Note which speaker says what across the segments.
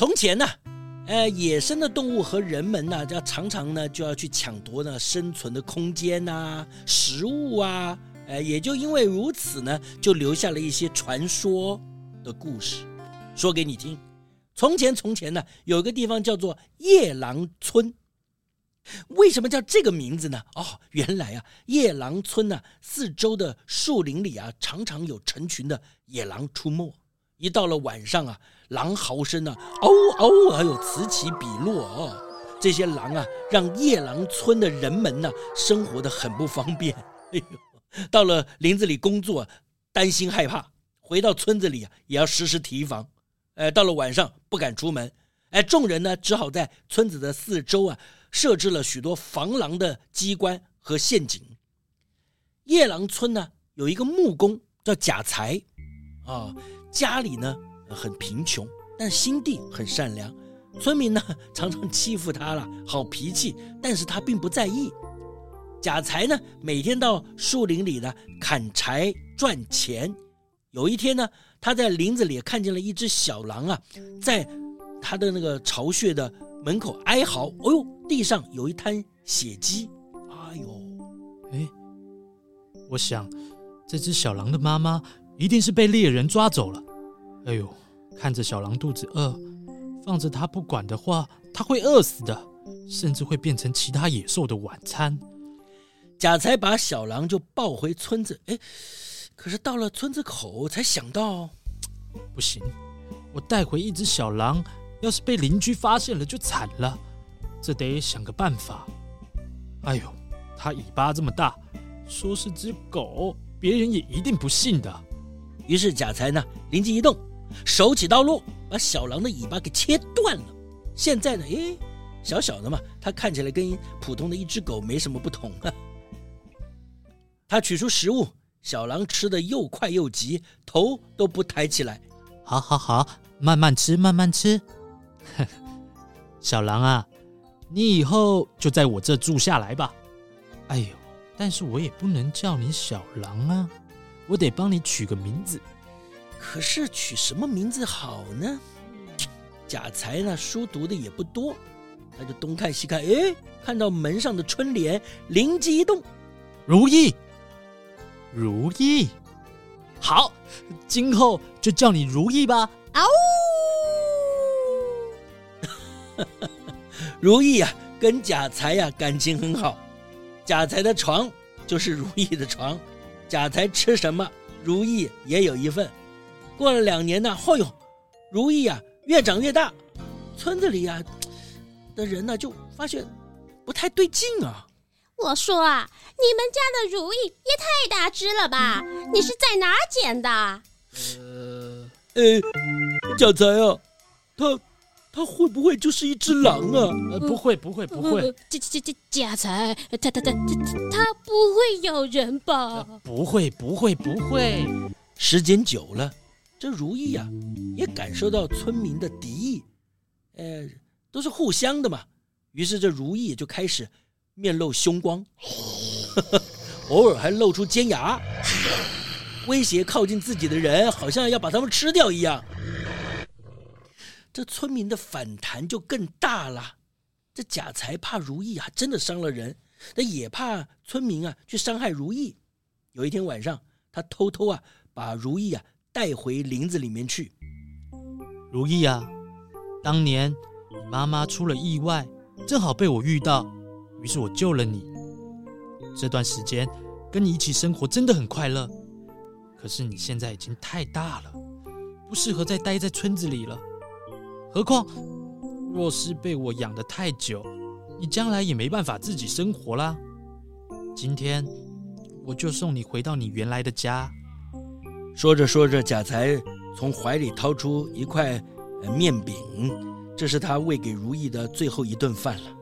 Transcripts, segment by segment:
Speaker 1: 從前呢，呃，野生的動物和人們呢，要常常呢就要去搶奪呢生存的空間吶、啊、食物啊，呃，也就因為如此呢，就留下了一些傳說的故事，說給你聽。從前，從前呢，有一個地方叫做夜狼村，為什麼叫這個名字呢？哦，原來啊，夜狼村呢、啊，四周的樹林裡啊，常常有成群的野狼出沒，一到了晚上啊。狼嚎聲呢、啊，嗷、哦、嗷、哦！哎呦，此起彼落啊、哦！這些狼啊，讓夜狼村的人們呢、啊，生活的很不方便。哎呦，到了林子裡工作，擔心害怕；回到村子裡啊，也要時時提防。哎，到了晚上不敢出門。哎，眾人呢，只好在村子的四周啊，設置了許多防狼的機關和陷阱。夜狼村呢，有一個木工叫賈才，啊、哦，家裡呢。很貧窮，但心地很善良。村民呢，常常欺負他了，好脾氣，但是他並不在意。賈才呢，每天到樹林裡呢砍柴賺錢。有一天呢，他在林子裡看見了一只小狼啊，在他的那個巢穴的門口哀嚎。哎呦，地上有一灘血跡。哎呦，
Speaker 2: 哎，我想，這只小狼的媽媽一定是被獵人抓走了。哎呦，看着小狼肚子餓，放着它不管的話，它會餓死的，甚至會變成其他野獸的晚餐。
Speaker 1: 賈才把小狼就抱回村子，哎，可是到了村子口，才想到，不行，我帶回一隻小狼，要是被鄰
Speaker 2: 居發現了就慘了，這得想個辦法。哎呦，
Speaker 1: 它尾巴這麼大，說是隻狗，別人也一定不信的。於是賈才呢，靈機一動。手起刀落，把小狼的尾巴給切斷了。現在呢，誒，小小的嘛，它看起來跟普通的一隻狗沒什麼不同。呵呵，他取出食物，小狼吃得又快又急，頭都不抬起來。
Speaker 2: 好好好，慢慢吃，慢慢吃。 小狼啊，你以後就在我這住下來吧。哎呦，但是我也不能叫你小狼啊，我得幫你取個名字。
Speaker 1: 可是取什麼名字好呢？賈才呢，書讀的也不多，他就東看西看，哎，看到門上的春聯，靈機一動，如意，如意，好，今後就叫你如意吧。啊、哦。 如意呀、啊，跟賈才呀、啊、感情很好，賈才的床就是如意的床，賈才吃什麼，如意也有一份。過了兩年呢、啊，哎、哦、呦，如意呀、啊，越長越大，村子裡呀、啊、的人呢、啊、就發現不太對勁啊。我說
Speaker 2: 啊，你們家的如意也太大只了吧？你是在哪兒撿的？
Speaker 1: 呃呃，賈、哎、才啊，
Speaker 2: 他他會不會就是一只狼啊？不會不會不會，這這這賈才他他他他他
Speaker 1: 不會咬、呃、人吧？呃、
Speaker 2: 不會不會不會，時間久了。
Speaker 1: 這如意呀、啊，也感受到村民的敵意，呃，都是互相的嘛。於是這如意就開始面露凶光呵呵，偶爾還露出尖牙，威脅靠近自己的人，好像要把他們吃掉一樣。這村民的反彈就更大了。這賈才怕如意啊，真的傷了人，但也怕村民啊去傷害如意。有一天晚上，他偷偷啊把如意啊。帶回林子裡面去。如意啊，當年
Speaker 2: 你媽媽出了意外，正好被我遇到，於是我救了你。這段時間跟你一起生活，真的很快樂。可是你現在已經太大了，不適合再待在村子裡了。何況若是被我養得太久，你將來也沒辦法自己生活啦。今天我就送你回到你原來的家。說着說
Speaker 1: 着，賈才從懷裡掏出一塊麵餅，這是他餵給如意的最後一頓飯了。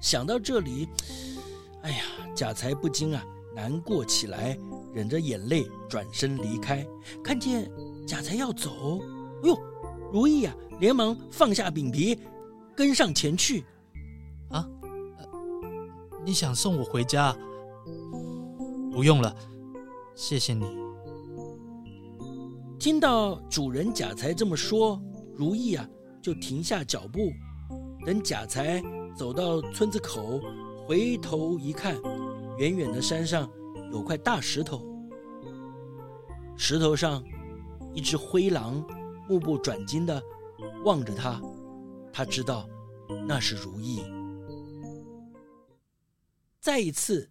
Speaker 1: 想到這裡，哎呀，賈才不禁啊難過起來，忍着眼淚轉身離開。看見賈才要走，喲、哎、呦，如意啊，連忙放下餅皮，跟上前去。啊、呃，你想送我回家？
Speaker 2: 不用了，謝謝你。
Speaker 1: 聽到主人賈才這麼說，如意啊就停下腳步，等賈才走到村子口，回頭一看，遠遠的山上有塊大石頭，石頭上一隻灰狼，目不轉睛的望着他，他知道那是如意。再一次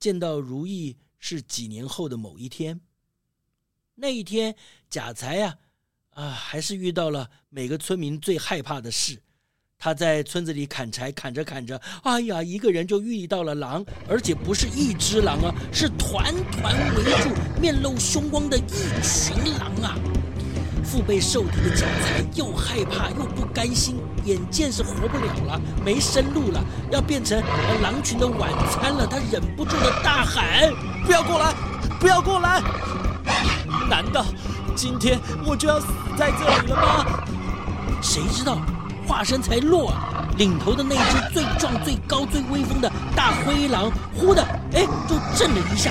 Speaker 1: 見到如意是幾年後的某一天。那一天，賈才呀，啊，啊，還是遇到了每個村民最害怕的事。他在村子裡砍柴，砍着砍着，哎呀，一個人就遇到了狼，而且不是一隻狼啊，是團團圍住、面露凶光的一群狼啊！腹背受敵的賈才又害怕又不甘心，眼見是活不了了，沒生路了，要變成狼群的晚餐了。他忍不住的大喊：“不要過來！不要過來！”難道今天我就要死在這裡了嗎？誰知道，話聲才落，啊，領頭的那隻最壯、最高、最威風的大灰狼，忽的，哎，就震了一下。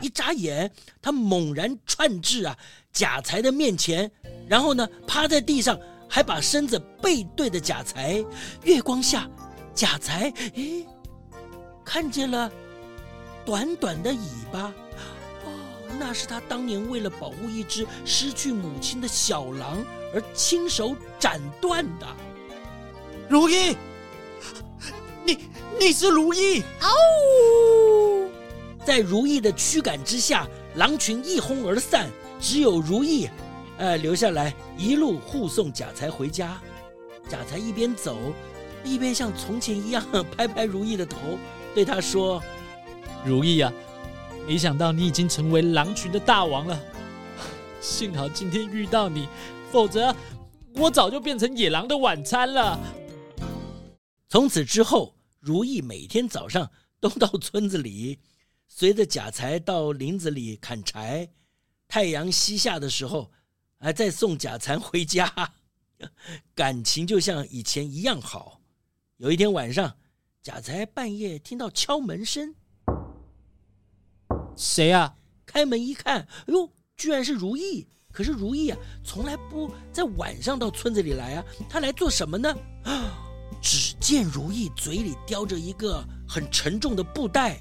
Speaker 1: 一眨眼，他猛然竄至啊賈才的面前，然後呢，趴在地上，還把身子背對着賈才。月光下，賈才哎，看見了短短的尾巴。那是他當年為了保護一只失去母親的小狼而親手斬斷的。如意，你你是如意哦！在如意的驅趕之下，狼群一哄而散，只有如意，呃，留下來一路護送賈才回家。賈才一邊走，一邊像從前一樣拍拍如意的頭，對他說：“如意呀，啊。”沒想到你已經成為狼群的大王了。幸好今天遇到你，否則我早就變成野狼的晚餐了。從此之後，如意每天早上都到村子裡，隨着賈才到林子裡砍柴。太陽西下的時候，還在送賈才回家，感情就像以前一樣好。有一天晚上，賈才半夜聽到敲門聲。誰呀、啊？開門一看，哎呦，居然是如意！可是如意啊，從來不，在晚上到村子裡來啊，他來做什麼呢、啊？只見如意嘴裡叼着一個很沉重的布袋，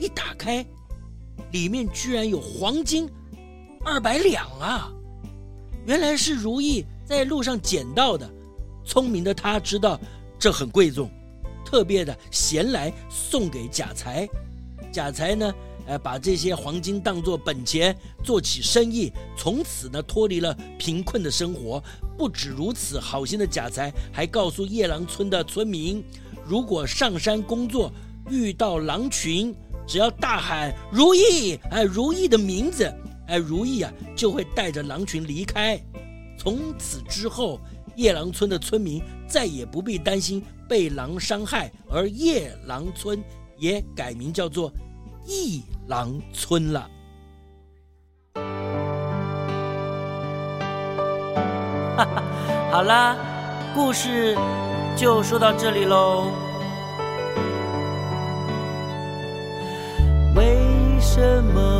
Speaker 1: 一打開，裡面居然有黃金二百兩啊！原來是如意在路上撿到的，聰明的他知道這很貴重，特別的銜來送給賈才。賈才呢？呃，把這些黃金當作本錢做起生意，從此呢脫離了貧困的生活。不止如此，好心的賈才還告訴夜狼村的村民，如果上山工作遇到狼群，只要大喊“如意”，如意的名字，如意啊，就會帶着狼群離開。從此之後，夜狼村的村民再也不必擔心被狼傷害，而夜狼村也改名叫做夜狼村了，哈哈，好啦，故事就說到這裡嘍。為什麼？